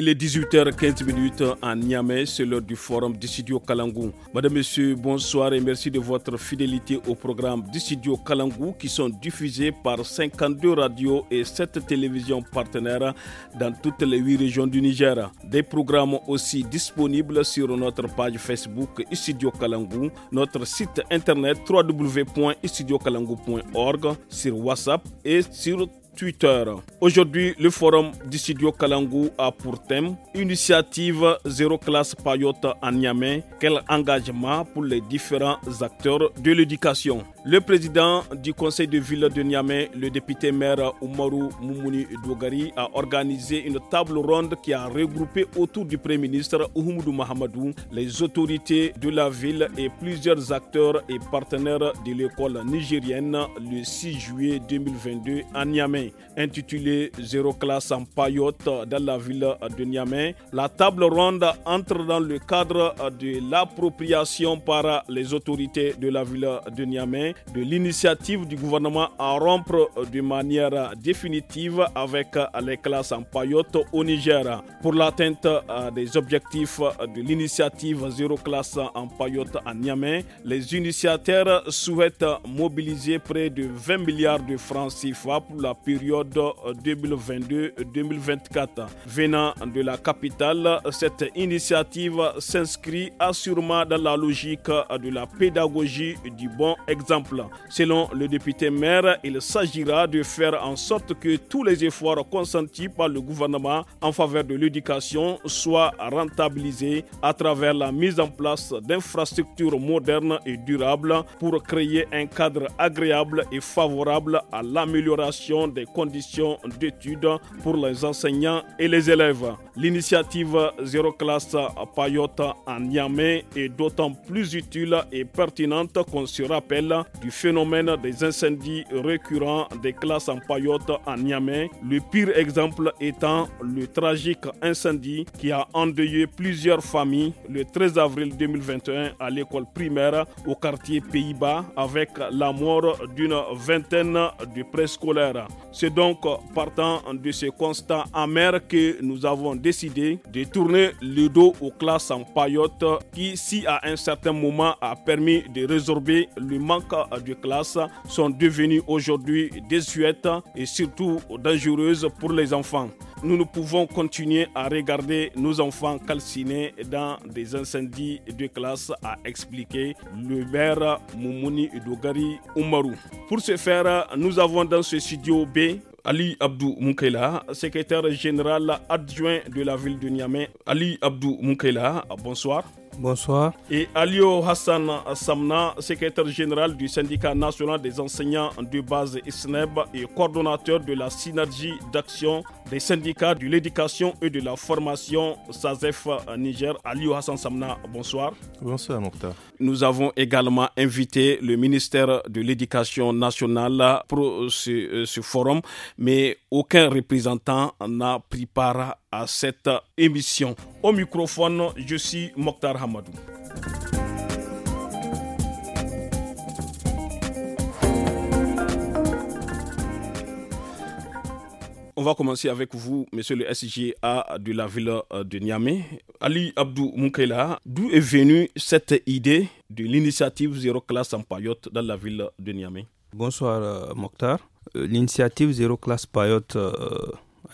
Il est 18h15 à Niamey, c'est l'heure du forum Dissidio Kalangou. Madame, Monsieur, bonsoir et merci de votre fidélité au programme Dissidio Kalangou qui sont diffusés par 52 radios et 7 télévisions partenaires dans toutes les 8 régions du Niger. Des programmes aussi disponibles sur notre page Facebook Studio Kalangou, notre site internet www.studiokalangou.org, sur WhatsApp et sur Aujourd'hui, le forum du studio Kalangou a pour thème Initiative Zéro Classe Payote à Niamey, quel engagement pour les différents acteurs de l'éducation. Le président du conseil de ville de Niamey, le député maire Oumarou Moumouni Dougari, a organisé une table ronde qui a regroupé autour du Premier ministre Oumoudou Mahamadou les autorités de la ville et plusieurs acteurs et partenaires de l'école nigérienne le 6 juillet 2022 à Niamey intitulé « Zéro classe en paillote dans la ville de Niamey, la table ronde entre dans le cadre de l'appropriation par les autorités de la ville de Niamey de l'initiative du gouvernement à rompre de manière définitive avec les classes en paillote au Niger. Pour l'atteinte euh, des objectifs de l'initiative Zéro classe en paillote à Niamey, les initiateurs souhaitent mobiliser près de 20 milliards de francs CFA pour la période période 2022-2024. Euh, Venant de la capitale, cette initiative s'inscrit assurément dans la logique de la pédagogie du bon exemple. Selon le député maire, il s'agira de faire en sorte que tous les efforts consentis par le gouvernement en faveur de l'éducation soient rentabilisés à travers la mise en place d'infrastructures modernes et durables pour créer un cadre agréable et favorable à l'amélioration des conditions d'études pour les enseignants et les élèves. L'initiative Zéro Classe Payotte en Niamey est d'autant plus utile et pertinente qu'on se rappelle du phénomène des incendies récurrents des classes en Payotte en Niamey, le pire exemple étant le tragique incendie qui a endeuillé plusieurs familles le 13 avril 2021 à l'école primaire au quartier Pays-Bas avec la mort d'une vingtaine de préscolaires. C'est donc partant de ces constats amer que nous avons décidé de tourner le dos aux classes en paillotes qui, si à un certain moment a permis de résorber le manque de classes, sont devenues aujourd'hui désuètes et surtout dangereuses pour les enfants nous ne pouvons continuer à regarder nos enfants calcinés dans des incendies de classe, a expliqué le maire Moumouni Dogari Oumarou. Pour ce faire, nous avons dans ce studio B Ali Abdou Moukela, secrétaire général adjoint de la ville de Niamey. Ali Abdou Moukela, bonsoir. Bonsoir. Et Alio Hassan Samna, secrétaire général du syndicat national des enseignants de base ISNEB et coordonnateur de la synergie d'action des syndicats de l'éducation et de la formation SAZEF Niger, Aliou Hassan Samna. Bonsoir. Bonsoir, Mokhtar. Nous avons également invité le ministère de l'Éducation nationale pour ce, euh, ce forum, mais aucun représentant n'a pris part à cette émission. Au microphone, je suis Mokhtar Hamadou. On va commencer avec vous, monsieur le SGA de la ville euh, de Niamey. Ali Abdou Moukela, d'où est venue cette idée de l'initiative Zéro Classe en Payotte dans la ville de Niamey Bonsoir, euh, Mokhtar. Euh, l'initiative Zéro Classe Payotte à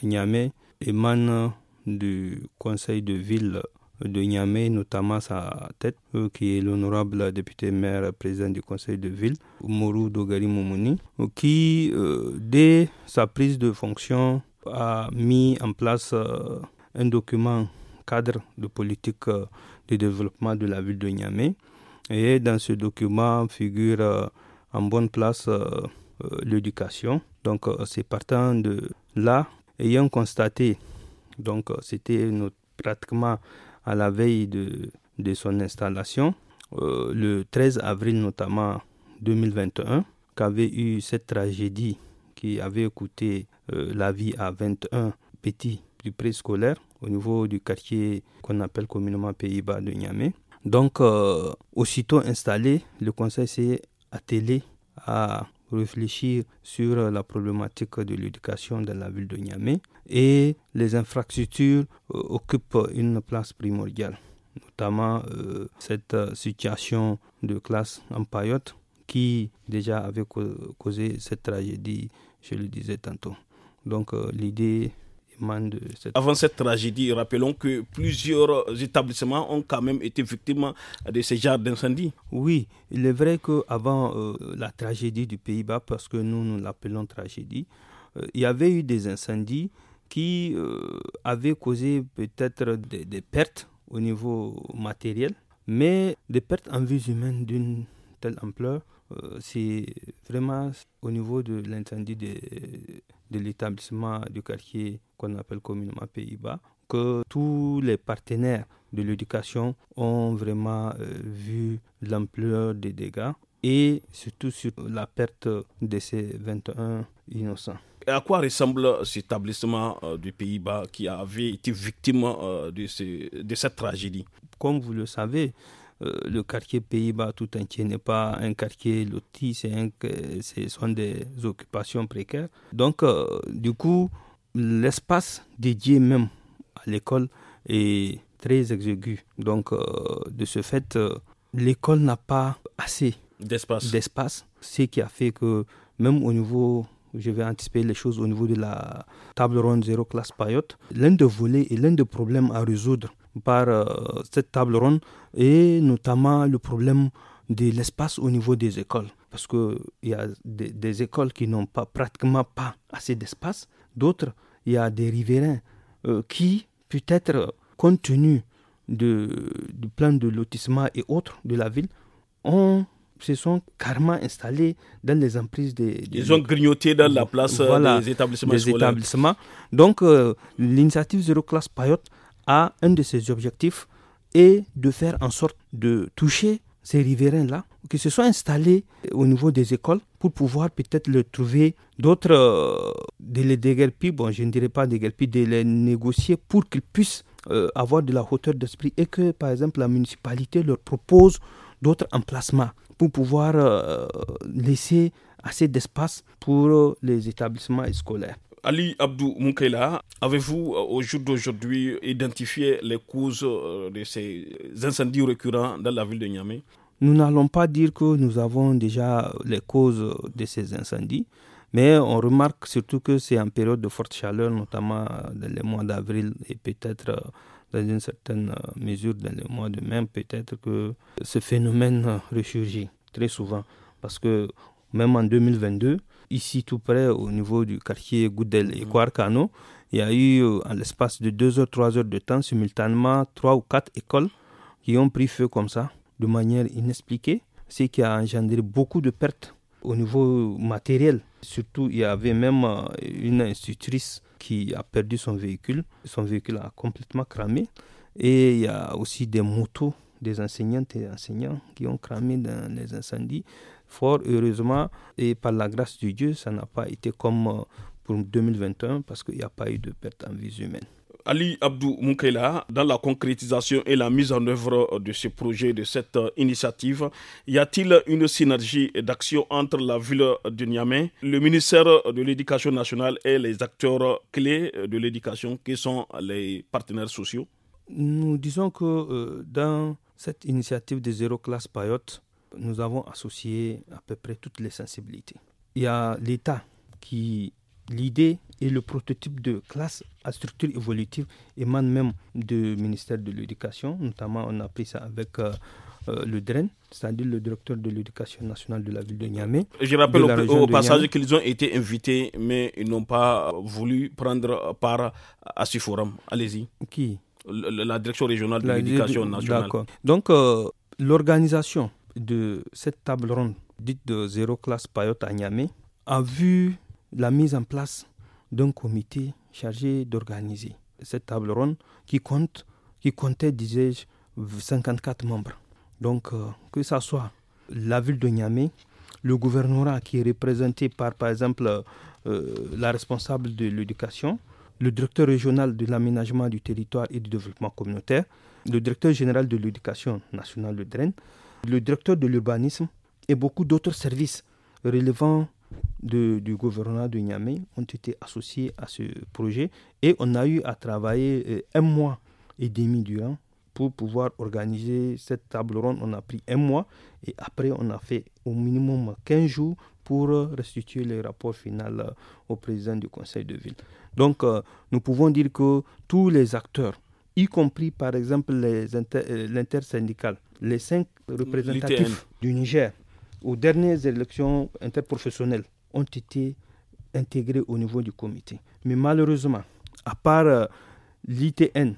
Niamey émane du conseil de ville de Niamey, notamment sa tête, euh, qui est l'honorable député maire président du conseil de ville, Mourou Dogari Moumouni, qui, euh, dès sa prise de fonction, a mis en place euh, un document cadre de politique de développement de la ville de Niamey. Et dans ce document figure en bonne place l'éducation. Donc c'est partant de là, ayant constaté, donc c'était pratiquement à la veille de, de son installation, euh, le 13 avril notamment 2021, qu'avait eu cette tragédie qui avait coûté euh, la vie à 21 petits du préscolaire au niveau du quartier qu'on appelle communément Pays-Bas de Niamey. Donc, euh, aussitôt installé, le conseil s'est attelé à réfléchir sur euh, la problématique de l'éducation dans la ville de Niamey et les infrastructures euh, occupent une place primordiale, notamment euh, cette situation de classe en paillotte qui déjà avait causé cette tragédie, je le disais tantôt. Donc l'idée avant cette tragédie, rappelons que plusieurs établissements ont quand même été victimes de ce genre d'incendies. Oui, il est vrai qu'avant euh, la tragédie du Pays-Bas, parce que nous, nous l'appelons tragédie, euh, il y avait eu des incendies qui euh, avaient causé peut-être des, des pertes au niveau matériel, mais des pertes en vies humaines d'une telle ampleur euh, c'est vraiment au niveau de l'incendie de, de l'établissement du quartier qu'on appelle communément Pays-Bas que tous les partenaires de l'éducation ont vraiment euh, vu l'ampleur des dégâts et surtout sur la perte de ces 21 innocents. Et à quoi ressemble cet établissement euh, du Pays-Bas qui avait été victime de, de cette tragédie Comme vous le savez, euh, le quartier Pays-Bas tout entier n'est pas un quartier loti, euh, ce sont des occupations précaires. Donc, euh, du coup, l'espace dédié même à l'école est très exigu. Donc, de ce fait, l'école n'a pas assez d'espace, ce qui a fait que même au niveau je vais anticiper les choses au niveau de la table ronde zéro classe payotte. L'un des volets et l'un des problèmes à résoudre par euh, cette table ronde et notamment le problème de l'espace au niveau des écoles. Parce qu'il y a des, écoles qui n'ont pas, pratiquement pas assez d'espace. D'autres, il y a des riverains euh, qui, peut-être, compte tenu de, du plan de lotissement et autres de la ville, ont se sont carrément installés dans les emprises des... des Ils ont grignoté dans la place euh, des établissements Donc, l'initiative Zéro Classe Payotte à un de ses objectifs est de faire en sorte de toucher ces riverains-là, que se soient installés au niveau des écoles pour pouvoir peut-être le trouver d'autres, euh, de les bon, je ne dirais pas déguerpir, de les négocier pour qu'ils puissent euh, avoir de la hauteur d'esprit et que, par exemple, la municipalité leur propose d'autres emplacements pour pouvoir euh, laisser assez d'espace pour les établissements scolaires. Ali Abdou Moukela, avez-vous euh, au jour d'aujourd'hui identifié les causes euh, de ces incendies récurrents dans la ville de Niamey Nous n'allons pas dire que nous avons déjà les causes de ces incendies. Mais on remarque surtout que c'est en période de forte chaleur, notamment euh, dans les mois d'avril et peut-être dans une certaine mesure dans les mois de mai, peut-être que ce phénomène ressurgit très souvent. Parce que même en 2022, Ici, tout près, au niveau du quartier Goudel et Quarcano, mhm. il y a eu, euh, en l'espace de 2 heures, 3 heures de temps, simultanément, 3 ou 4 écoles qui ont pris feu comme ça, de manière inexpliquée, ce qui a engendré beaucoup de pertes au niveau matériel. Surtout, il y avait même euh, une institutrice qui a perdu son véhicule. Son véhicule a complètement cramé. Et il y a aussi des motos des enseignantes et enseignants qui ont cramé dans les incendies. Fort heureusement, et par la grâce de Dieu, ça n'a pas été comme euh, pour 2021 parce qu'il n'y a pas eu de perte en vie humaine. Ali Abdou Moukela, dans la concrétisation et la mise en œuvre euh, de ce projet, de cette euh, initiative, y a-t-il une synergie d'action entre la ville de Niamey, le ministère de l'Éducation nationale et les acteurs clés de l'éducation qui sont les partenaires sociaux Nous disons que dans cette initiative des Zéro Classe Payotte, nous avons associé à peu près toutes les sensibilités. Il y a l'État qui, l'idée et le prototype de classe à structure évolutive émanent même du ministère de l'Éducation. Notamment, on a pris ça avec euh, euh, le DREN, c'est-à-dire le directeur de l'Éducation nationale de la ville de Niamey. Je rappelle au, passage qu'ils ont été invités, mais ils n'ont pas voulu prendre part à ce forum. Allez-y. Qui la direction régionale de l'éducation nationale. D'accord. Donc, euh, l'organisation de cette table ronde dite de zéro classe payote à Niamey a vu la mise en place d'un comité chargé d'organiser cette table ronde qui compte, qui comptait, disais-je, 54 membres. Donc, euh, que ce soit la ville de Niamey, le gouvernorat qui est représenté par, par exemple, euh, la responsable de l'éducation, le directeur régional de l'aménagement du territoire et du développement communautaire, le directeur général de l'éducation nationale, de DREN, le directeur de l'urbanisme et beaucoup d'autres services relevant du gouvernement de Niamey ont été associés à ce projet et on a eu à travailler euh, un mois et demi durant pour pouvoir organiser cette table ronde. On a pris un mois et après on a fait au minimum 15 jours pour restituer le rapport final au président du conseil de ville. Donc euh, nous pouvons dire que tous les acteurs, y compris par exemple euh, l'intersyndical, les cinq représentatifs du Niger aux dernières élections interprofessionnelles ont été intégrés au niveau du comité. Mais malheureusement, à part euh, l'ITN,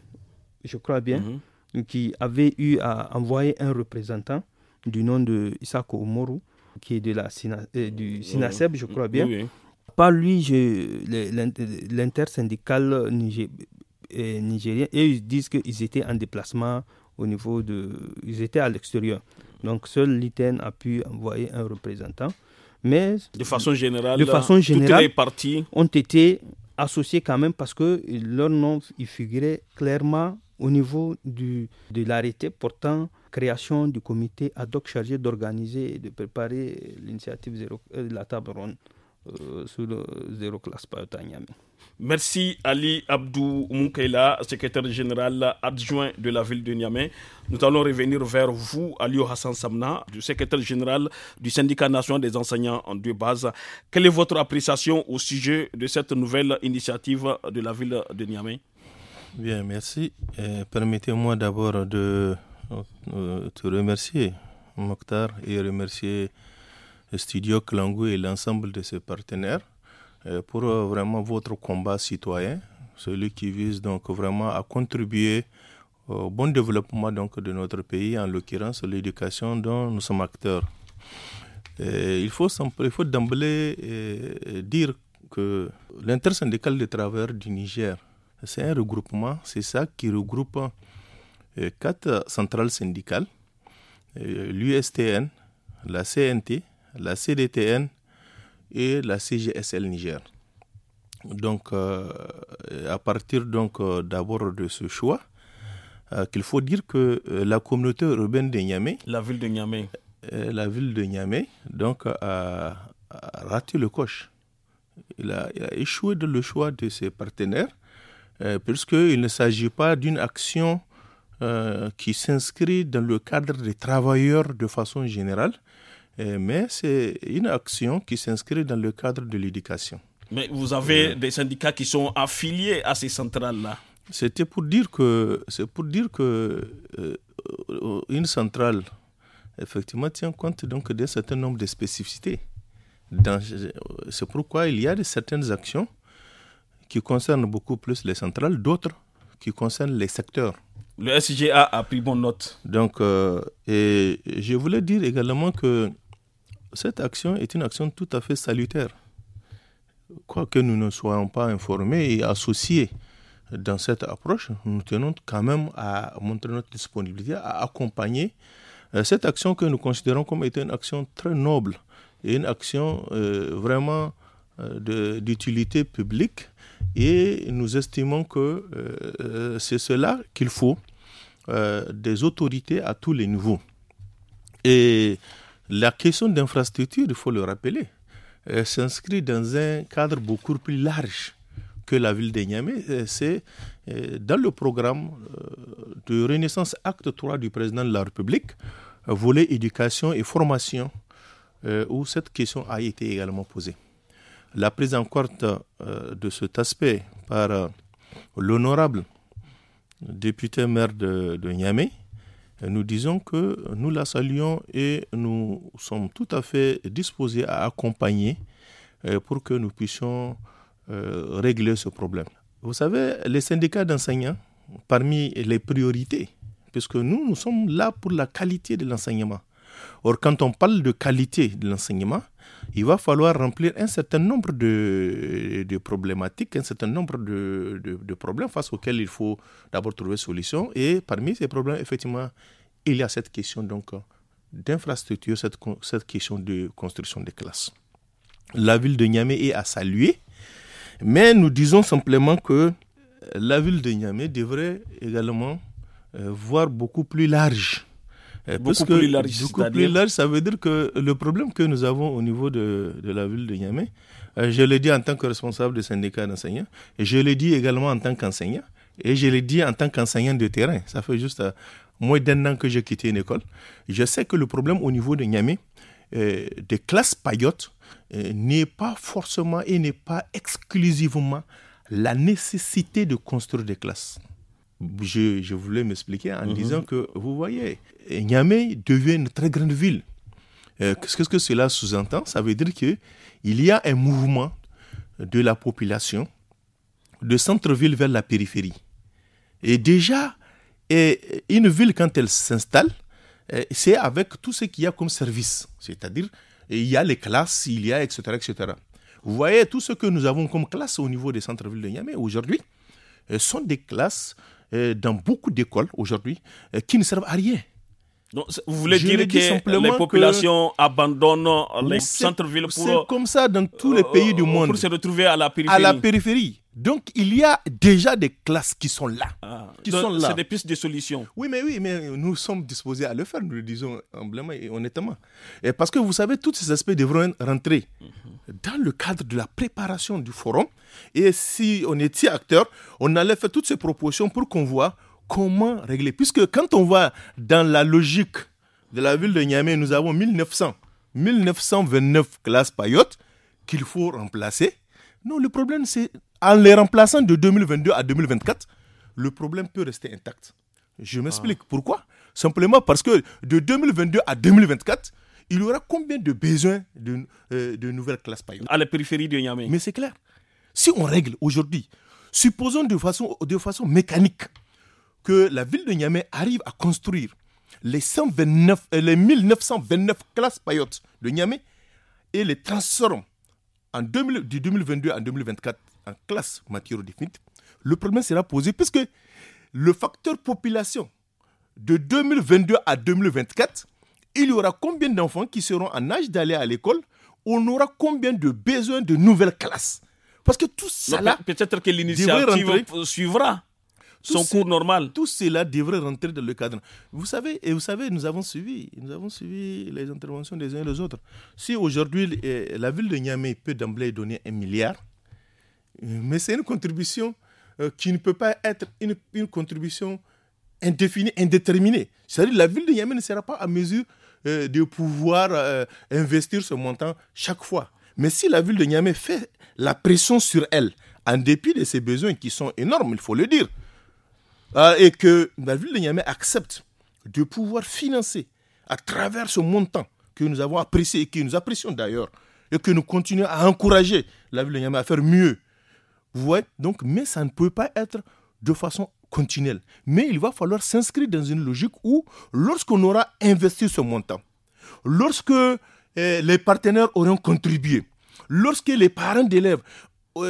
je crois bien, mhm. qui avait eu à envoyer un représentant du nom de Isako Omoru, qui est de la euh, du euh, SINASEB, je crois bien. Par lui, l'intersyndicale nigérien, et ils disent qu'ils étaient en déplacement au niveau de... Ils étaient à l'extérieur. Donc seul l'ITN a pu envoyer un représentant. Mais de façon générale, de toutes les parties ont été associés quand même parce que leur nom y figurait clairement au niveau du, de l'arrêté portant création du comité ad hoc chargé d'organiser et de préparer l'initiative de euh, la table ronde euh, sur le zéro classe Payotaniam. Merci Ali Abdou Moukaila, secrétaire général adjoint de la ville de Niamey. Nous allons revenir vers vous, Ali Hassan Samna, secrétaire général du syndicat national des enseignants en deux bases. Quelle est votre appréciation au sujet de cette nouvelle initiative de la ville de Niamey Bien, merci. Euh, permettez-moi d'abord de euh, te remercier, Mokhtar, et remercier Studio Klangou et l'ensemble de ses partenaires euh, pour euh, vraiment votre combat citoyen, celui qui vise donc vraiment à contribuer au bon développement donc de notre pays, en l'occurrence l'éducation dont nous sommes acteurs. il faut, faut d'emblée euh, dire que l'intersyndicale de travers du Niger, c'est un regroupement, c'est ça qui regroupe quatre centrales syndicales, l'USTN, la CNT, la CDTN et la CGSL Niger. Donc, euh, à partir donc euh, d'abord de ce choix, euh, qu'il faut dire que la communauté urbaine de Niamey, la ville de Niamey, la ville de Niamey, donc a, raté le coche. Il a, il a, échoué dans le choix de ses partenaires, puisqu'il ne s'agit pas d'une action qui s'inscrit dans le cadre des travailleurs de façon générale, euh, mais c'est une action qui s'inscrit dans le cadre de l'éducation. Mais vous avez euh, des syndicats qui sont affiliés à ces centrales-là. C'était pour dire que c'est pour dire que euh, une centrale effectivement tient compte donc d'un certain nombre de spécificités. C'est pourquoi il y a de certaines actions qui concernent beaucoup plus les centrales, d'autres qui concernent les secteurs. Le SGA a pris bonne note. Donc, et je voulais dire également que cette action est une action tout à fait salutaire. Quoique nous ne soyons pas informés et associés dans cette approche, nous tenons quand même à montrer notre disponibilité, à accompagner euh, cette action que nous considérons comme étant une action très noble et une action euh, vraiment euh, d'utilité publique. Et nous estimons que c'est cela qu'il faut des autorités à tous les niveaux. Et la question d'infrastructure, il faut le rappeler, euh, s'inscrit dans un cadre beaucoup plus large que la ville de Niamey. Euh, c'est euh, dans le programme de Renaissance Acte 3 du président de la République, volet éducation et formation, où cette question a été également posée. La prise en compte de cet aspect par l'honorable député maire de, de Niamey, nous disons que nous la saluons et nous sommes tout à fait disposés à accompagner euh, pour que nous puissions euh, régler ce problème. Vous savez, les syndicats d'enseignants, parmi les priorités, puisque nous, nous sommes là pour la qualité de l'enseignement. Or, quand on parle de qualité de l'enseignement, il va falloir remplir un certain nombre de, de problématiques, un certain nombre de, de, problèmes face auxquels il faut d'abord trouver solution. Et parmi ces problèmes, effectivement, il y a cette question donc d'infrastructure, cette, cette question de construction des classes. La ville de Niamey est à saluer, mais nous disons simplement que la ville de Niamey devrait également euh, voir beaucoup plus large euh, beaucoup plus large. ça veut dire que le problème que nous avons au niveau de, la ville de Niamey, euh, je l'ai dit en tant que responsable du syndicat d'enseignants, et je l'ai dit également en tant qu'enseignant, et je l'ai dit en tant qu'enseignant de terrain. Ça fait juste euh, moins d'un an que j'ai quitté une école. Je sais que le problème au niveau de Niamey, des classes payotes, n'est pas forcément et n'est pas exclusivement la nécessité de construire des classes je, voulais m'expliquer en mhm. disant que, vous voyez, Niamey devient une très grande ville. Euh, qu'est-ce que cela sous-entend Ça veut dire qu'il y a un mouvement de la population de centre-ville vers la périphérie. Et déjà, une ville, quand elle s'installe, euh, c'est avec tout ce qu'il y a comme service. C'est-à-dire, il y a les classes, il y a, etc., etc. Vous voyez, tout ce que nous avons comme classe au niveau des centres-villes de Niamey aujourd'hui euh, sont des classes euh, dans beaucoup d'écoles aujourd'hui euh, qui ne servent à rien vous voulez dire que les populations abandonnent les centres-villes pour. C'est comme ça dans tous les euh, pays du monde. Pour se retrouver à la périphérie. Donc, il y a déjà des classes qui sont là. Ah, qui sont là. C'est des pistes de solutions. Oui, mais oui, mais nous sommes disposés à le faire, nous le disons et honnêtement. Et parce que vous savez, tous ces aspects devront rentrer dans le cadre de la préparation du forum. Et si on était acteur, on allait faire toutes ces propositions pour qu'on voit comment régler Puisque quand on va dans la logique de la ville de Niamey, nous avons 1900, 1929 classes payotes qu'il faut remplacer. Non, le problème, c'est en les remplaçant de 2022 à 2024, le problème peut rester intact. Je m'explique. Ah. Pourquoi Simplement parce que de 2022 à 2024, il y aura combien de besoins de, euh, nouvelles classes payotes À la périphérie de Niamey. Mais c'est clair. Si on règle aujourd'hui, supposons de façon, de façon mécanique, que la ville de Niamey arrive à construire les, 129, euh, les 1929 classes payotes de Niamey et les transforme en du 2022 à 2024 en classes matières définites, le problème sera posé puisque le facteur population de 2022 à 2024, il y aura combien d'enfants qui seront en âge d'aller à l'école On aura combien de besoins de nouvelles classes Parce que tout cela... Peut-être que l'initiative suivra son cours normal. Tout cela devrait rentrer dans le cadre. Vous savez, et vous savez, nous avons suivi, nous avons suivi les interventions des uns et des autres. Si aujourd'hui eh, la ville de Niamey peut d'emblée donner un milliard, euh, mais c'est une contribution euh, qui ne peut pas être une, contribution indéfinie, indéterminée. C'est-à-dire la ville de Niamey ne sera pas à mesure euh, de pouvoir investir ce montant chaque fois. Mais si la ville de Niamey fait la pression sur elle, en dépit de ses besoins qui sont énormes, il faut le dire, euh, et que la ville de Niamey accepte de pouvoir financer à travers ce montant que nous avons apprécié et que nous apprécions d'ailleurs, et que nous continuons à encourager la ville de Niamey à faire mieux. Vous voyez Donc, mais ça ne peut pas être de façon continuelle. Mais il va falloir s'inscrire dans une logique où, lorsqu'on aura investi ce montant, lorsque eh, les partenaires auront contribué, lorsque les parents d'élèves, eh,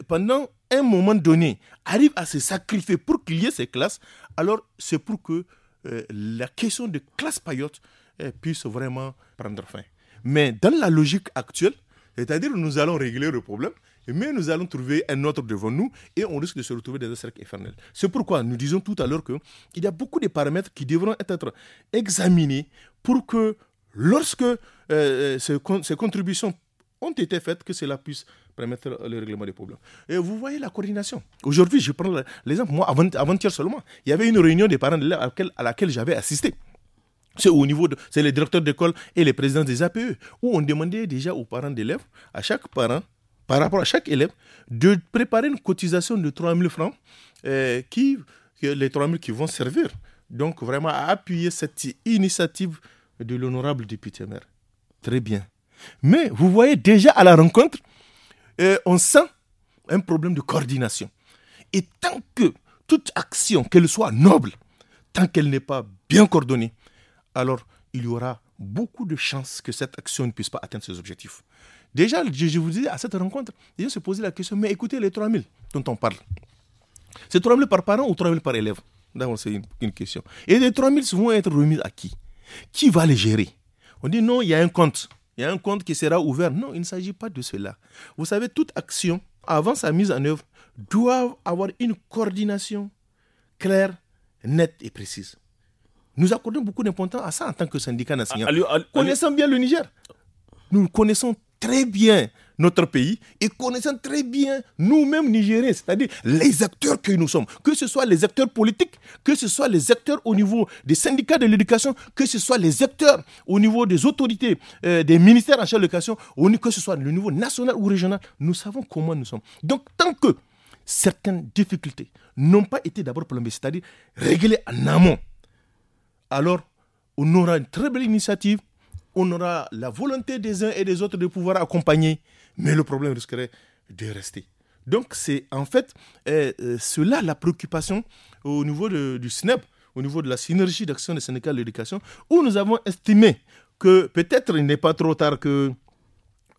eh, pendant un moment donné, arrive à se sacrifier pour qu'il y ait ces classes, alors c'est pour que euh, la question de classe payotte euh, puisse vraiment prendre fin. Mais dans la logique actuelle, c'est-à-dire nous allons régler le problème, mais nous allons trouver un autre devant nous et on risque de se retrouver dans un cercle infernal. C'est pourquoi nous disons tout à l'heure qu'il y a beaucoup de paramètres qui devront être examinés pour que lorsque euh, ces contributions ont été faites, que cela puisse permettre le règlement des problèmes. Et vous voyez la coordination. Aujourd'hui, je prends l'exemple, moi, avant-hier seulement, il y avait une réunion des parents d'élèves à laquelle, j'avais assisté. C'est au niveau de, c'est les directeurs d'école et les présidents des APE, où on demandait déjà aux parents d'élèves, à chaque parent, par rapport à chaque élève, de préparer une cotisation de 3 000 francs, euh, qui, les 3 000 qui vont servir, donc vraiment à appuyer cette initiative de l'honorable député maire. Très bien. Mais vous voyez déjà à la rencontre, euh, on sent un problème de coordination. Et tant que toute action, qu'elle soit noble, tant qu'elle n'est pas bien coordonnée, alors il y aura beaucoup de chances que cette action ne puisse pas atteindre ses objectifs. Déjà, je, vous disais à cette rencontre, les se posaient la question, mais écoutez les 3000 dont on parle. C'est 3000 par parent ou 3000 par élève D'abord, c'est une, question. Et les 3000 vont être remis à qui Qui va les gérer On dit non, il y a un compte il y a un compte qui sera ouvert. Non, il ne s'agit pas de cela. Vous savez, toute action, avant sa mise en œuvre, doit avoir une coordination claire, nette et précise. Nous accordons beaucoup d'importance à ça en tant que syndicat national. Ah, connaissons bien le Niger. Nous connaissons très bien notre pays et connaissant très bien nous-mêmes Nigériens, c'est-à-dire les acteurs que nous sommes, que ce soit les acteurs politiques, que ce soit les acteurs au niveau des syndicats de l'éducation, que ce soit les acteurs au niveau des autorités, euh, des ministères en charge de l'éducation, que ce soit le niveau national ou régional, nous savons comment nous sommes. Donc tant que certaines difficultés n'ont pas été d'abord plombées, c'est-à-dire réglées en amont, alors on aura une très belle initiative, on aura la volonté des uns et des autres de pouvoir accompagner mais le problème risquerait de rester. Donc c'est en fait euh, euh, cela la préoccupation au niveau de, du SNEP, au niveau de la synergie d'action des syndicats de l'éducation, où nous avons estimé que peut-être il n'est pas trop tard que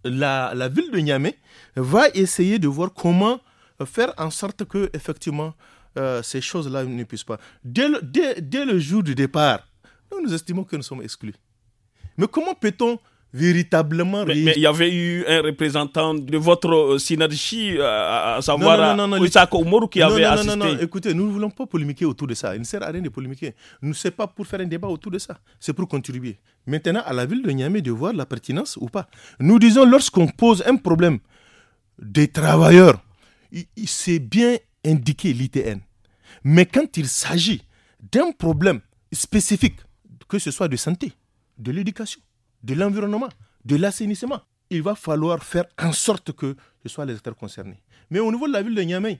la, la ville de Niamey va essayer de voir comment faire en sorte que effectivement euh, ces choses-là ne puissent pas. Dès le, dès, dès le jour du départ, nous, nous estimons que nous sommes exclus. Mais comment peut-on véritablement mais, il y avait eu un représentant de votre euh, synergie, euh, à, savoir non, non, qui avait assisté. Non, non, non, écoutez, nous ne voulons pas polémiquer autour de ça. Il ne sert à rien de polémiquer. Nous ne pas pour faire un débat autour de ça. C'est pour contribuer. Maintenant, à la ville de Niamey de voir la pertinence ou pas. Nous disons, lorsqu'on pose un problème des travailleurs, il, c'est bien indiqué l'ITN. Mais quand il s'agit d'un problème spécifique, que ce soit de santé, de l'éducation, de l'environnement, de l'assainissement. Il va falloir faire en sorte que ce soit les acteurs concernés. Mais au niveau de la ville de Niamey,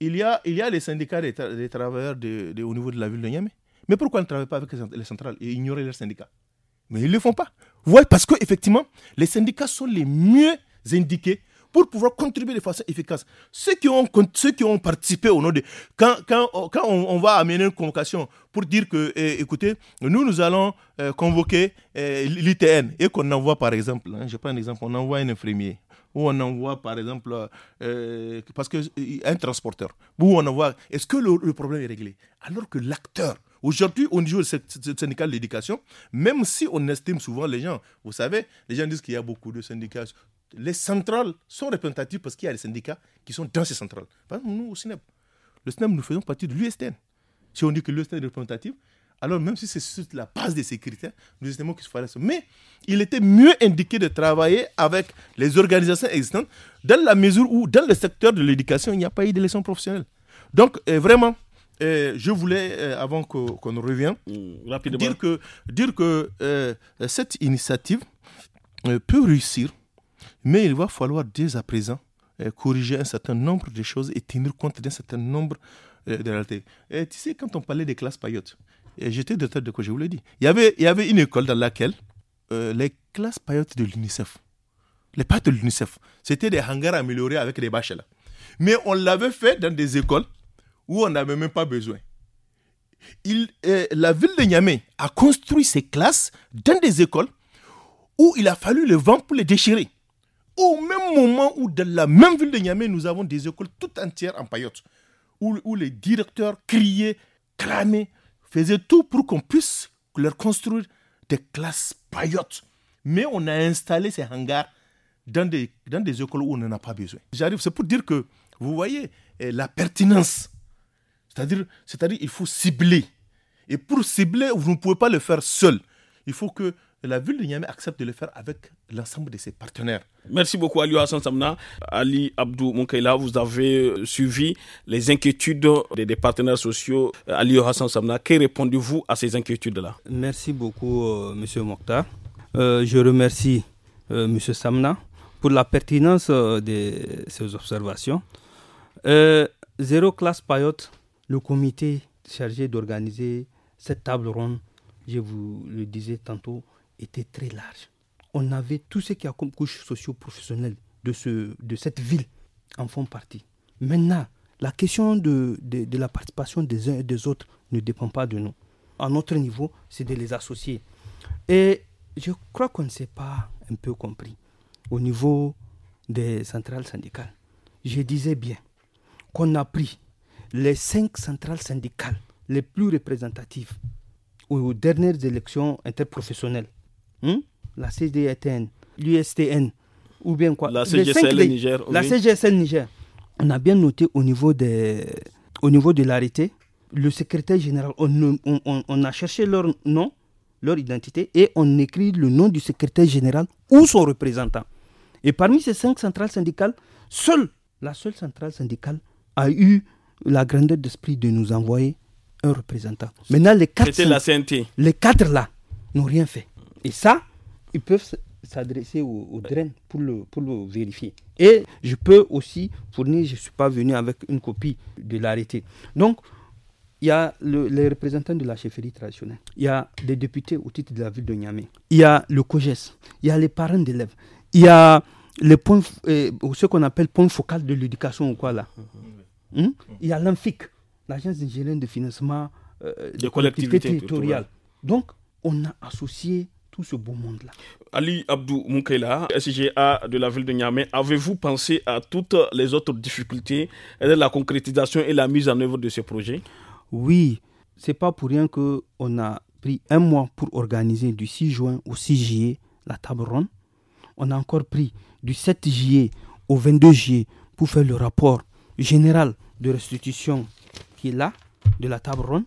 il y a, les syndicats des, travailleurs au niveau de la ville de Niamey. Mais pourquoi ne travaillent pas avec les centrales et ignorer leurs syndicats Mais ils ne le font pas. voyez, parce qu'effectivement, les syndicats sont les mieux indiqués pour pouvoir contribuer de façon efficace. Ceux qui ont, ceux qui ont participé au nom de... Quand, oh, on, va amener une convocation pour dire que, eh, écoutez, nous, nous allons euh, convoquer eh, l'ITN et qu'on envoie, par exemple, hein, je prends un exemple, on envoie un infirmier ou on envoie, par exemple, euh, euh, parce que un transporteur, ou on envoie... Est-ce que le, problème est réglé Alors que l'acteur... Aujourd'hui, on joue cette syndicat de l'éducation, même si on estime souvent les gens, vous savez, les gens disent qu'il y a beaucoup de syndicats, les centrales sont représentatives parce qu'il y a les syndicats qui sont dans ces centrales. Par exemple, nous, au CNEP, le CNEP nous faisons partie de l'USTN. Si on dit que l'USTN est représentative, alors même si c'est sur la base de ces critères, nous estimons qu'il fallait ça. Mais il était mieux indiqué de travailler avec les organisations existantes dans la mesure où, dans le secteur de l'éducation, il n'y a pas eu de leçons Donc, euh, vraiment, euh, je voulais, euh, avant qu'on revienne, mmh, dire que cette initiative peut réussir mais il va falloir dès à présent euh, corriger un certain nombre de choses et tenir compte d'un certain nombre euh, de réalités. tu sais, quand on parlait des classes payotes, euh, j'étais de tête de quoi, je vous l'ai dit. Il y, avait, il y avait une école dans laquelle les classes payotes de l'UNICEF, les pâtes de l'UNICEF, c'était des hangars améliorés avec des bâches là. Mais on l'avait fait dans des écoles où on n'avait même pas besoin. la ville de Niamey a construit ses classes dans des écoles où il a fallu le vent pour les déchirer. Au même moment où dans la même ville de Niamey, nous avons des écoles tout entières en paillotte, où, où les directeurs criaient, clamaient, faisaient tout pour qu'on puisse leur construire des classes paillotes. Mais on a installé ces hangars dans des, dans des écoles où on n'en a pas besoin. J'arrive, c'est pour dire que, vous voyez, eh, la pertinence. C'est-à-dire, c'est-à-dire il faut cibler. Et pour cibler, vous ne pouvez pas le faire seul. Il faut que la ville de Niamey accepte de le faire avec l'ensemble de ses partenaires. Merci beaucoup Ali Hassan Samna. Ali Abdou Moukaila, vous avez euh, suivi les inquiétudes des, partenaires sociaux. Ali Hassan Samna, que répondez-vous à ces inquiétudes-là Merci beaucoup M. Euh, Monsieur Mokhtar. Euh, je remercie M. Monsieur Samna pour la pertinence de ses observations. Zéro classe payote, le comité chargé d'organiser cette table ronde, je vous le disais tantôt, était très large. On avait tous ce qui a comme couche socio-professionnelle de, cette ville en font partie. Maintenant, la question de, de, la participation des uns et des autres ne dépend pas de nous. À notre niveau, c'est de les associer. Et je crois qu'on ne s'est pas un peu compris au niveau des centrales syndicales. Je disais bien qu'on a pris les cinq centrales syndicales les plus représentatives aux dernières élections interprofessionnelles Hmm? la CDETN l'USTN, ou bien quoi La CGSL Niger. La Niger. On a bien noté au niveau, des, au niveau de l'arrêté, le secrétaire général, on, a cherché leur nom, leur identité, et on écrit le nom du secrétaire général ou son représentant. Et parmi ces cinq centrales syndicales, seule, la seule centrale syndicale a eu la grandeur d'esprit de nous envoyer un représentant. Maintenant, les quatre, la les quatre là n'ont rien fait. Et ça, ils peuvent s'adresser au, au pour le, pour le vérifier. Et je peux aussi fournir, je ne suis pas venu avec une copie de l'arrêté. Donc, il y a les représentants de la chefferie traditionnelle, il y a des députés au titre de la ville de Niamey, il y a le COGES, il y a les parents d'élèves, il y a les points, euh, ce qu'on appelle point focal de l'éducation ou quoi là. Mhm. Hein? Il y a l'AMFIC, l'Agence d'ingénierie de financement euh, de collectivité territoriale. Donc, on a associé ce beau monde-là. Ali Abdou Moukela, SGA de la ville de Niamey, avez-vous pensé à toutes les autres difficultés de la concrétisation et la mise en œuvre de ce projet Oui, c'est pas pour rien que a pris un mois pour organiser du 6 juin au 6 juillet la table ronde. On a encore pris du 7 juillet au 22 juillet pour faire le rapport général de restitution qui est là, de la table ronde.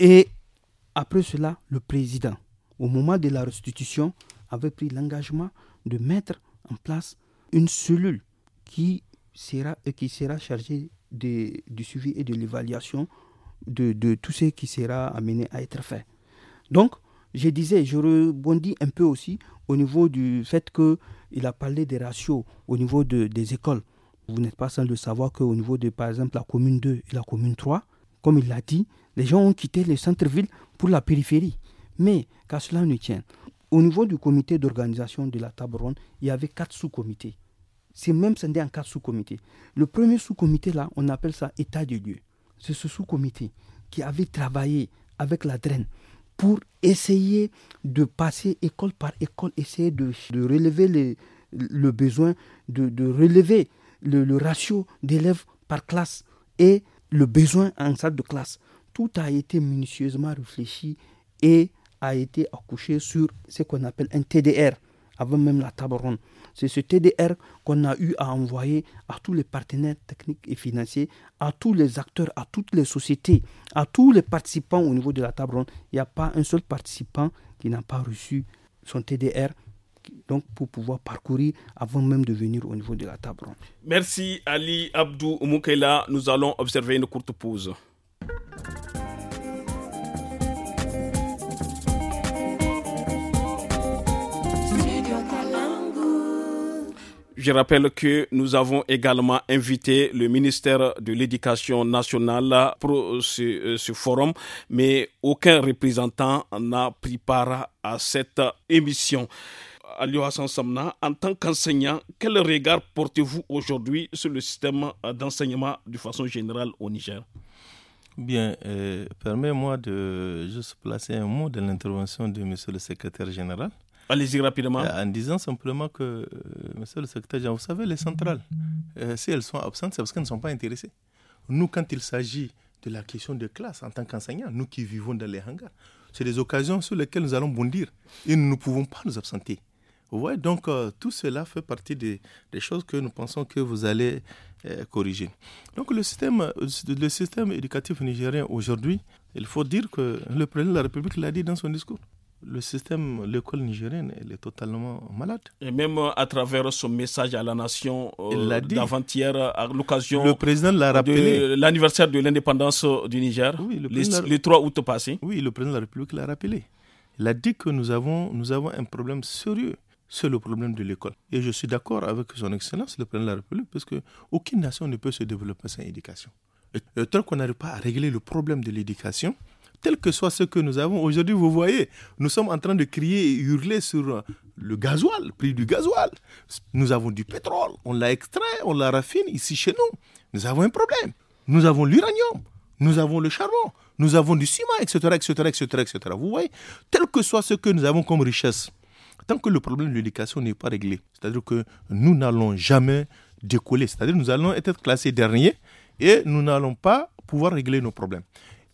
Et après cela, le président au moment de la restitution, avait pris l'engagement de mettre en place une cellule qui sera, euh, qui sera chargée du suivi et de l'évaluation de, tout ce qui sera amené à être fait. Donc, je disais, je rebondis un peu aussi au niveau du fait qu'il a parlé des ratios au niveau des écoles. Vous n'êtes pas sans le savoir qu'au niveau de, par exemple, la commune 2 et la commune 3, comme il l'a dit, les gens ont quitté le centre-ville pour la périphérie. Mais, car cela ne tient, au niveau du comité d'organisation de la table il y avait quatre sous-comités. C'est même scindé en quatre sous-comités. Le premier sous-comité, là, on appelle ça état de lieu. C'est ce sous-comité qui avait travaillé avec la draine pour essayer de passer école par école, essayer de, relever le besoin, de, relever le ratio d'élèves par classe et le besoin en salle de classe. Tout a été minutieusement réfléchi et a été accouché sur ce qu'on appelle un TDR, avant même la table ronde. C'est ce TDR qu'on a eu à envoyer à tous les partenaires techniques et financiers, à tous les acteurs, à toutes les sociétés, à tous les participants au niveau de la table ronde. Il n'y a pas un seul participant qui n'a pas reçu son TDR donc pour pouvoir parcourir avant même de venir au niveau de la table ronde. Merci Ali Abdou Moukela. Nous allons observer une courte pause. Je rappelle que nous avons également invité le ministère de l'Éducation nationale pour ce, euh, forum, mais aucun représentant n'a pris part à cette émission. Aliou Hassan en tant qu'enseignant, quel regard portez-vous aujourd'hui sur le système d'enseignement de façon générale au Niger Bien, euh, permets-moi de juste placer un mot de l'intervention de Monsieur le Secrétaire général. Allez-y rapidement. Euh, en disant simplement que, euh, monsieur le secrétaire, vous savez, les centrales, euh, si elles sont absentes, c'est parce qu'elles ne sont pas intéressées. Nous, quand il s'agit de la question de classe en tant qu'enseignants, nous qui vivons dans les hangars, c'est des occasions sur lesquelles nous allons bondir et nous ne pouvons pas nous absenter. Vous voyez, donc tout cela fait partie des, choses que nous pensons que vous allez corriger. Donc le système, le système éducatif nigérien aujourd'hui, il faut dire que le président de la République l'a dit dans son discours le système, l'école nigérienne, elle est totalement malade. Et même euh, à travers son message à la nation euh, d'avant-hier, à l'occasion de l'anniversaire de l'indépendance euh, du Niger, le, les, 3 août passé. Oui, le président de la République l'a rappelé. Il a dit que nous avons, nous avons un problème sérieux. C'est le problème de l'école. Et je suis d'accord avec son excellence, le président de la République, parce qu'aucune nation ne peut se développer sans éducation. Et, tant qu'on n'arrive pas à régler le problème de l'éducation, tel que soit ce que nous avons. Aujourd'hui, vous voyez, nous sommes en train de crier et hurler sur euh, le gasoil, prix du gasoil. Nous avons du pétrole, on l'a extrait, on l'a raffine ici chez nous. Nous avons un problème. Nous avons l'uranium, nous avons le charbon, nous avons du ciment, etc., etc., etc., etc. Vous voyez, tel que soit ce que nous avons comme richesse, tant que le problème de l'éducation n'est pas réglé, c'est-à-dire que nous n'allons jamais décoller, c'est-à-dire que nous allons être classés derniers et nous n'allons pas pouvoir régler nos problèmes.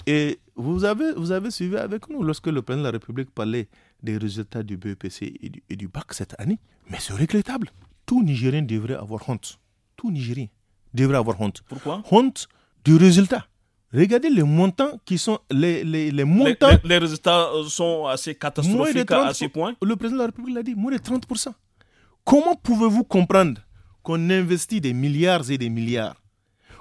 Et vous avez, vous avez suivi avec nous lorsque le président de la République parlait des résultats du BEPC et du, BAC cette année. Mais c'est regrettable. Tout Nigérien devrait avoir honte. Tout Nigérien devrait avoir honte. Pourquoi Honte du résultat. Regardez les montants qui sont les, montants. Les, résultats euh, sont assez catastrophiques à ces points. Le président de la République l'a dit, moins de 30%. Comment pouvez-vous comprendre qu'on investit des milliards et des milliards,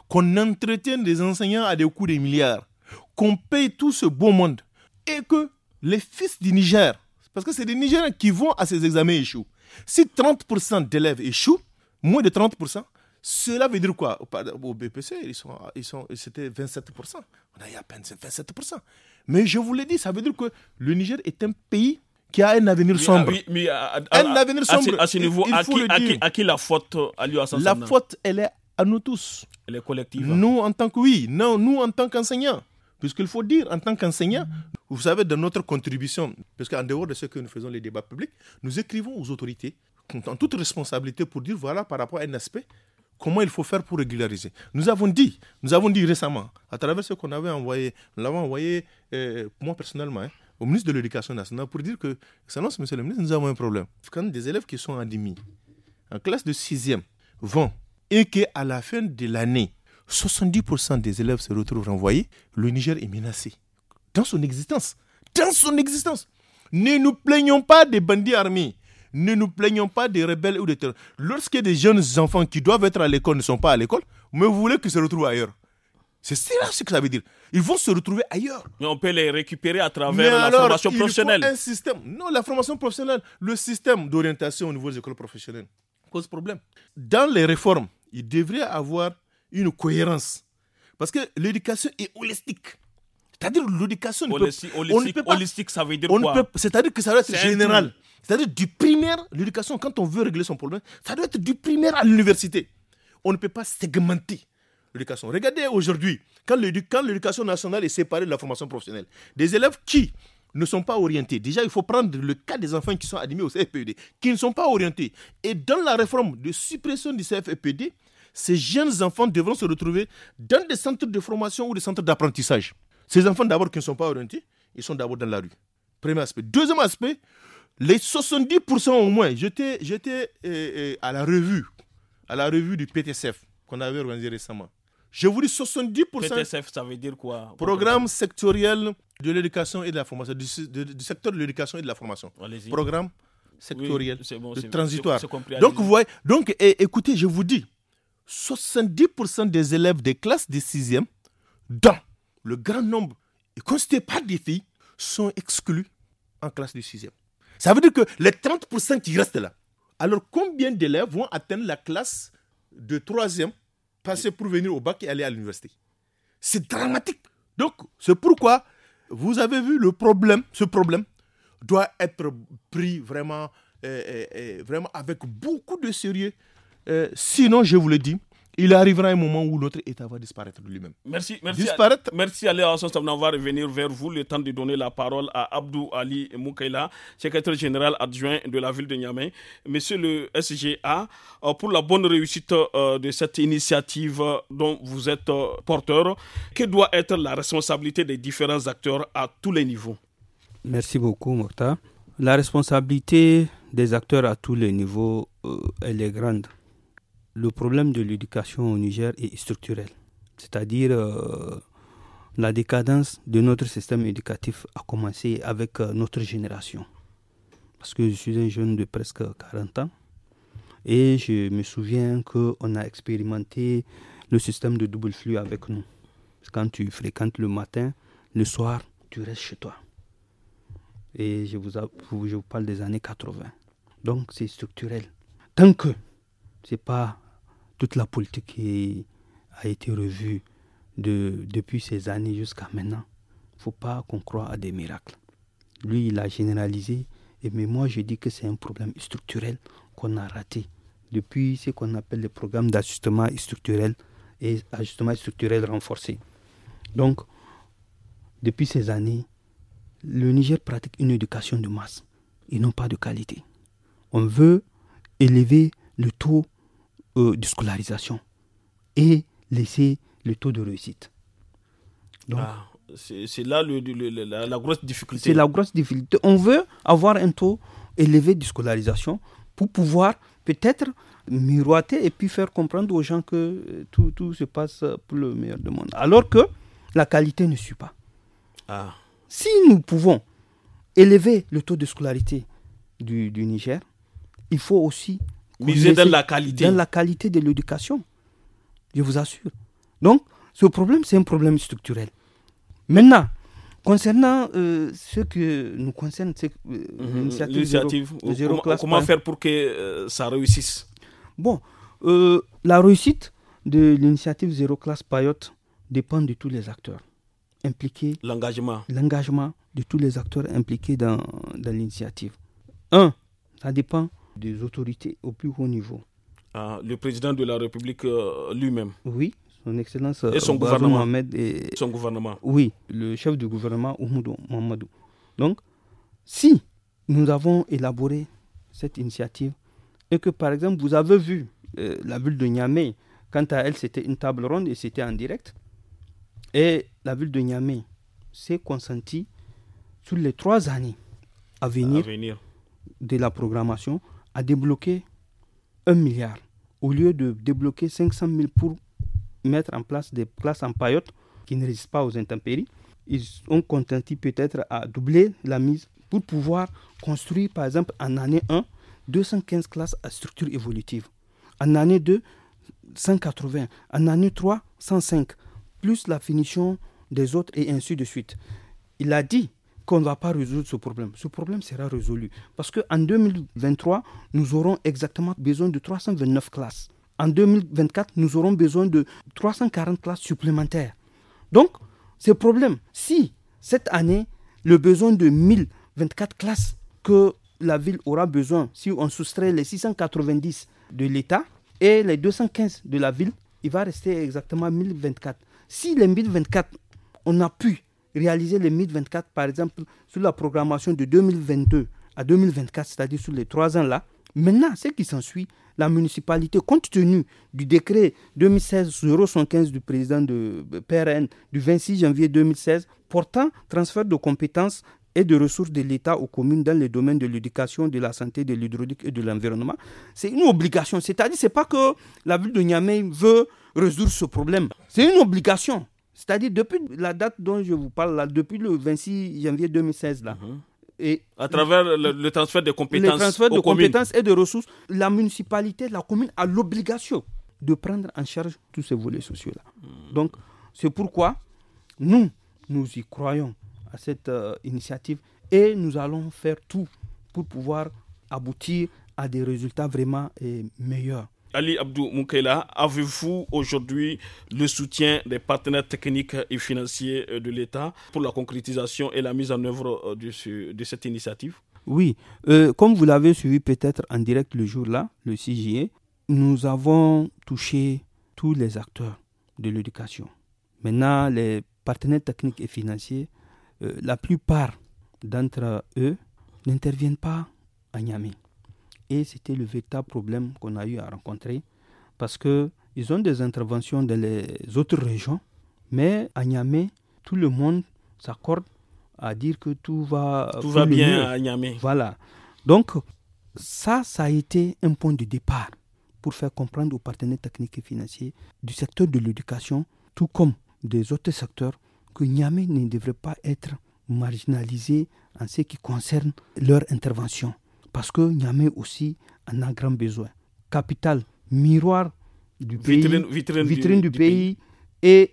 qu'on entretient des enseignants à des coûts des milliards, qu'on paye tout ce beau monde et que les fils du Niger, parce que c'est des Nigériens qui vont à ces examens échouent, si 30% d'élèves échouent, moins de 30%, cela veut dire quoi Au BPC, ils sont, ils sont, c'était 27%. On a à peine 27%. Mais je vous l'ai dit, ça veut dire que le Niger est un pays qui a un avenir sombre. un avenir sombre. À ce, niveau, qui, à, qui, la faute à euh, lui La faute, elle est à nous tous. Elle est collective. Hein. Nous, en tant que oui, non, nous, en tant qu'enseignants. Puisqu'il faut dire, en tant qu'enseignant, vous savez, de notre contribution, parce qu'en dehors de ce que nous faisons, les débats publics, nous écrivons aux autorités, en toute responsabilité, pour dire, voilà, par rapport à un aspect, comment il faut faire pour régulariser. Nous avons dit, nous avons dit récemment, à travers ce qu'on avait envoyé, nous l'avons envoyé, euh, moi personnellement, hein, au ministre de l'Éducation nationale, pour dire que, Excellence, monsieur le ministre, nous avons un problème. Quand des élèves qui sont en demi, en classe de sixième, vont, et qu'à la fin de l'année, 70% des élèves se retrouvent renvoyés, le Niger est menacé. Dans son existence. Dans son existence. Ne nous plaignons pas des bandits armés. Ne nous plaignons pas des rebelles ou des terroristes. Lorsque des jeunes enfants qui doivent être à l'école ne sont pas à l'école, mais vous voulez qu'ils se retrouvent ailleurs. C'est cela ce que ça veut dire. Ils vont se retrouver ailleurs. Mais on peut les récupérer à travers la formation professionnelle. Il faut un système. Non, la formation professionnelle, le système d'orientation au niveau des écoles professionnelles cause problème. Dans les réformes, il devrait avoir une cohérence. Parce que l'éducation est holistique. C'est-à-dire l'éducation on ne peut pas, holistique, ça veut dire quoi C'est-à-dire que ça doit être général. C'est-à-dire du primaire, l'éducation, quand on veut régler son problème, ça doit être du primaire à l'université. On ne peut pas segmenter l'éducation. Regardez aujourd'hui, quand l'éducation nationale est séparée de la formation professionnelle, des élèves qui ne sont pas orientés. Déjà, il faut prendre le cas des enfants qui sont admis au CFPED, qui ne sont pas orientés. Et dans la réforme de suppression du CFPED, ces jeunes enfants devront se retrouver dans des centres de formation ou des centres d'apprentissage. Ces enfants, d'abord, qui ne sont pas orientés, ils sont d'abord dans la rue. Premier aspect. Deuxième aspect, les 70% au moins, j'étais euh, euh, à la revue, à la revue du PTCF qu'on avait organisé récemment. Je vous dis 70%. PTCF, ça veut dire quoi Programme sectoriel de l'éducation et de la formation, du, secteur de l'éducation et de la formation. Programme sectoriel, de transitoire. donc vous voyez, donc écoutez, je vous dis, 70% des élèves des classes de 6e, dont le grand nombre est constitué pas des filles, sont exclus en classe de 6e. Ça veut dire que les 30% qui restent là, alors combien d'élèves vont atteindre la classe de 3e, passer pour venir au bac et aller à l'université C'est dramatique. Donc, c'est pourquoi vous avez vu le problème, ce problème doit être pris vraiment, euh, euh, euh, vraiment avec beaucoup de sérieux euh, sinon, je vous le dis, il arrivera un moment où l'autre État va disparaître de lui-même. Merci, merci. Disparaître. À, merci, On va revenir vers vous. Le temps de donner la parole à Abdou Ali Moukaila, secrétaire général adjoint de la ville de Niamey. Monsieur le SGA, euh, pour la bonne réussite euh, de cette initiative dont vous êtes porteur, que doit être la responsabilité des différents acteurs à tous les niveaux Merci beaucoup, Morta La responsabilité des acteurs à tous les niveaux, elle est grande. Le problème de l'éducation au Niger est structurel, c'est-à-dire euh, la décadence de notre système éducatif a commencé avec euh, notre génération. Parce que je suis un jeune de presque 40 ans et je me souviens qu'on a expérimenté le système de double flux avec nous. Quand tu fréquentes le matin, le soir, tu restes chez toi. Et je vous, je vous parle des années 80. Donc c'est structurel. Tant que ce n'est pas toute la politique qui a été revue depuis ces années jusqu'à maintenant. Il ne faut pas qu'on croit à des miracles. Lui, il a généralisé, mais moi je dis que c'est un problème structurel qu'on a raté depuis ce qu'on appelle le programme d'ajustement structurel et ajustement structurel renforcé. Donc, depuis ces années, le Niger pratique une éducation de masse. et non pas de qualité. On veut élever le taux euh, de scolarisation et laisser le taux de réussite. Ah, c'est là la, grosse difficulté. C'est la grosse difficulté. On veut avoir un taux élevé de scolarisation pour pouvoir peut-être miroiter et puis faire comprendre aux gens que euh, tout, tout se passe pour le meilleur du monde. Alors que la qualité ne suit pas. Ah. Si nous pouvons élever le taux de scolarité du Niger, il faut aussi dans la qualité. la qualité de l'éducation, je vous assure. Donc, ce problème, c'est un problème structurel. Maintenant, concernant euh, ce que nous concerne, euh, mhm. l'initiative zéro, Comment, faire pour que euh, ça réussisse Bon, la réussite de l'initiative Zéro Classe Payotte dépend de tous les acteurs impliqués. L'engagement. L'engagement de tous les acteurs impliqués dans, dans l'initiative. Un, ça dépend des autorités au plus haut niveau. Ah, le président de la République euh, lui-même Oui, son Excellence et son euh, gouvernement. Mohamed et son gouvernement. Oui, le chef de gouvernement Oumoudou Mamadou. Donc, si nous avons élaboré cette initiative et que, par exemple, vous avez vu euh, la ville de Niamey, quant à elle, c'était une table ronde et c'était en direct, et la ville de Niamey s'est consentie sur les trois années à venir. de la programmation a débloqué 1 milliard au lieu de débloquer 500 000 pour mettre en place des classes en paillotte qui ne résistent pas aux intempéries. Ils ont contenté peut-être à doubler la mise pour pouvoir construire, par exemple, en année 1, 215 classes à structure évolutive. En année 2, 180. En année 3, 105. Plus la finition des autres et ainsi de suite. Il a dit qu'on ne va pas résoudre ce problème. Ce problème sera résolu. Parce qu'en 2023, nous aurons exactement besoin de 329 classes. En 2024, nous aurons besoin de 340 classes supplémentaires. Donc, ce problème, si cette année, le besoin de 1024 classes que la ville aura besoin, si on soustrait les 690 de l'État et les 215 de la ville, il va rester exactement 1024. Si les 1024, on a pu réaliser les 1024, par exemple, sur la programmation de 2022 à 2024, c'est-à-dire sur les trois ans là. Maintenant, ce qui s'ensuit, la municipalité, compte tenu du décret 2016-015 du président de euh, PRN du 26 janvier 2016 portant transfert de compétences et de ressources de l'État aux communes dans les domaines de l'éducation, de la santé, de l'hydraulique et de l'environnement, c'est une obligation. C'est-à-dire, ce n'est pas que la ville de Niamey veut résoudre ce problème. C'est une obligation. C'est-à-dire, depuis la date dont je vous parle, là, depuis le 26 janvier 2016, là, mhm. Et à travers le, transfert de compétences. de compétences et de ressources, la municipalité, la commune a l'obligation de prendre en charge tous ces volets sociaux-là. Mhm. Donc, c'est pourquoi nous, nous y croyons à cette euh, initiative et nous allons faire tout pour pouvoir aboutir à des résultats vraiment eh, meilleurs. Ali Abdou Moukela, avez-vous aujourd'hui le soutien des partenaires techniques et financiers euh, de l'État pour la concrétisation et la mise en œuvre euh, de, cette initiative Oui, euh, comme vous l'avez suivi peut-être en direct le jour-là, le 6 juillet, nous avons touché tous les acteurs de l'éducation. Maintenant, les partenaires techniques et financiers, la plupart d'entre eux n'interviennent pas à Niamey. Et c'était le véritable problème qu'on a eu à rencontrer parce qu'ils ont des interventions dans les autres régions, mais à Niamey, tout le monde s'accorde à dire que tout va, va bien à Niamey. Voilà. Donc, ça, ça a été un point de départ pour faire comprendre aux partenaires techniques et financiers du secteur de l'éducation, tout comme des autres secteurs, que Niamey ne devrait pas être marginalisé en ce qui concerne leur intervention parce que Niamey aussi en a grand besoin. Capital, miroir du pays, vitrine, du, pays, et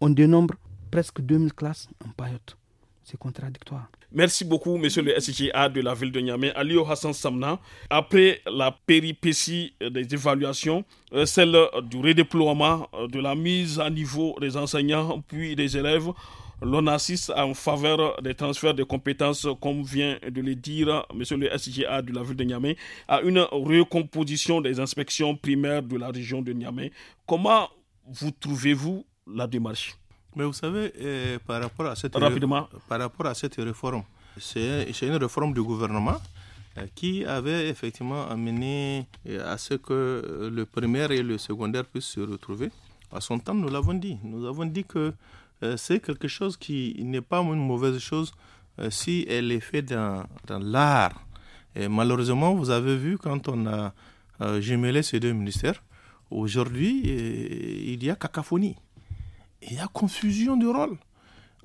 on dénombre presque 2000 classes en paillotte. C'est contradictoire. Merci beaucoup, monsieur le SGA de la ville de Niamey, Alio Hassan Samna. Après la péripétie des évaluations, euh, celle du redéploiement, euh, de la mise à niveau des enseignants puis des élèves, l'on assiste en faveur des transferts de compétences, comme vient de le dire Monsieur le SGA de la ville de Niamey, à une recomposition des inspections primaires de la région de Niamey. Comment vous trouvez-vous la démarche Mais vous savez, euh, par, rapport à cette par rapport à cette réforme, c'est une réforme du gouvernement euh, qui avait effectivement amené euh, à ce que le primaire et le secondaire puissent se retrouver. À son temps, nous l'avons dit. Nous avons dit que euh, c'est quelque chose qui n'est pas une mauvaise chose euh, si elle est faite dans, dans l'art. Et malheureusement, vous avez vu quand on a euh, jumelé ces deux ministères, aujourd'hui, il y a cacophonie. Il y a confusion de rôle.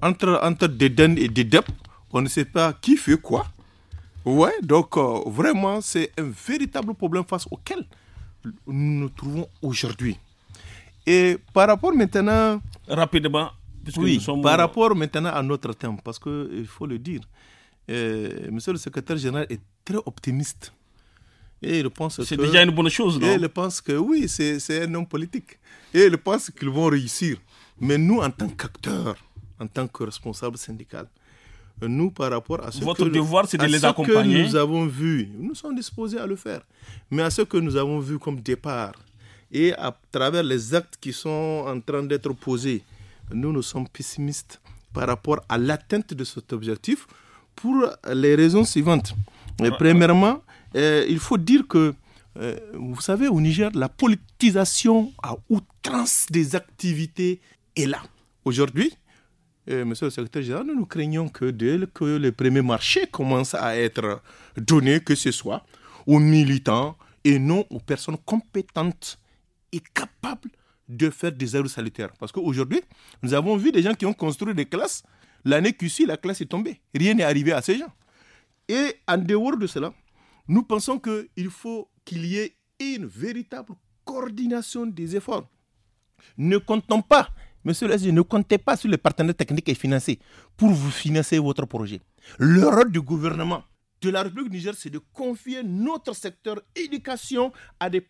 Entre, entre Deden et Dedep, on ne sait pas qui fait quoi. Ouais, donc vraiment, c'est un véritable problème face auquel nous nous trouvons aujourd'hui. Et par rapport maintenant. Rapidement, oui, par rapport maintenant à notre thème, parce qu'il euh, faut le dire, euh, monsieur le secrétaire général est très optimiste. Et il pense c'est déjà une bonne chose, non il pense que oui, c'est un homme politique. Et il pense qu'ils vont réussir. Mais nous, en tant qu'acteurs, en tant que responsables syndicaux, nous, par rapport à ce, Votre devoir, c'est de les accompagner. que nous avons vu, nous sommes disposés à le faire. Mais à ce que nous avons vu comme départ et à travers les actes qui sont en train d'être posés, nous, nous sommes pessimistes par rapport à l'atteinte de cet objectif pour les raisons suivantes. Euh, premièrement, euh, il faut dire que, euh, vous savez, au Niger, la politisation à outrance des activités est là. Aujourd'hui, monsieur le secrétaire général, nous, nous craignons que dès que le premier marché commence à être donné, que ce soit aux militants et non aux personnes compétentes et capables de faire des œuvres salutaires. Parce qu'aujourd'hui, nous avons vu des gens qui ont construit des classes. L'année qui suit, la classe est tombée. Rien n'est arrivé à ces gens. Et en dehors de cela, nous pensons qu'il faut qu'il y ait une véritable coordination des efforts. Ne comptons pas, monsieur le ne comptez pas sur les partenaires techniques et financiers pour vous financer votre projet. Le rôle du gouvernement, de la République du Niger, c'est de confier notre secteur éducation à des,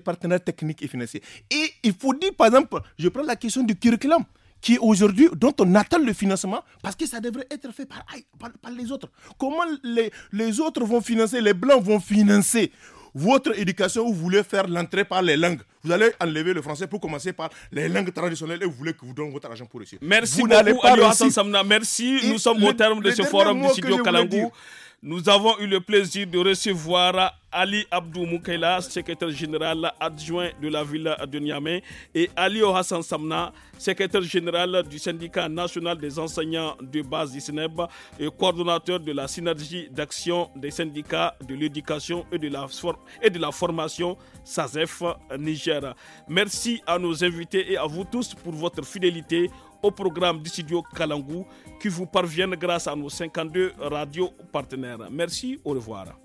partenaires techniques et financiers. Et il faut dire, par exemple, je prends la question du curriculum qui aujourd'hui, dont on attend le financement, parce que ça devrait être fait par, les autres. Comment les, les autres vont financer, les blancs vont financer votre éducation, vous voulez faire l'entrée par les langues. Vous allez enlever le français pour commencer par les langues traditionnelles et vous voulez que vous donnez votre argent pour réussir. Merci beaucoup, Ali Hassan Samna. Merci. Nous sommes au terme de ce forum du studio Kalangou. Nous avons eu le plaisir de recevoir Ali Abdou Moukaila, secrétaire général adjoint de la ville de Niamey, et Ali Hassan Samna, secrétaire général du syndicat national des enseignants de base du et coordonnateur de la synergie d'action des syndicats de l'éducation et, de et de la formation SAZEF Niger. Merci à nos invités et à vous tous pour votre fidélité au programme du studio Kalangou qui vous parvient grâce à nos 52 radios partenaires. Merci, au revoir.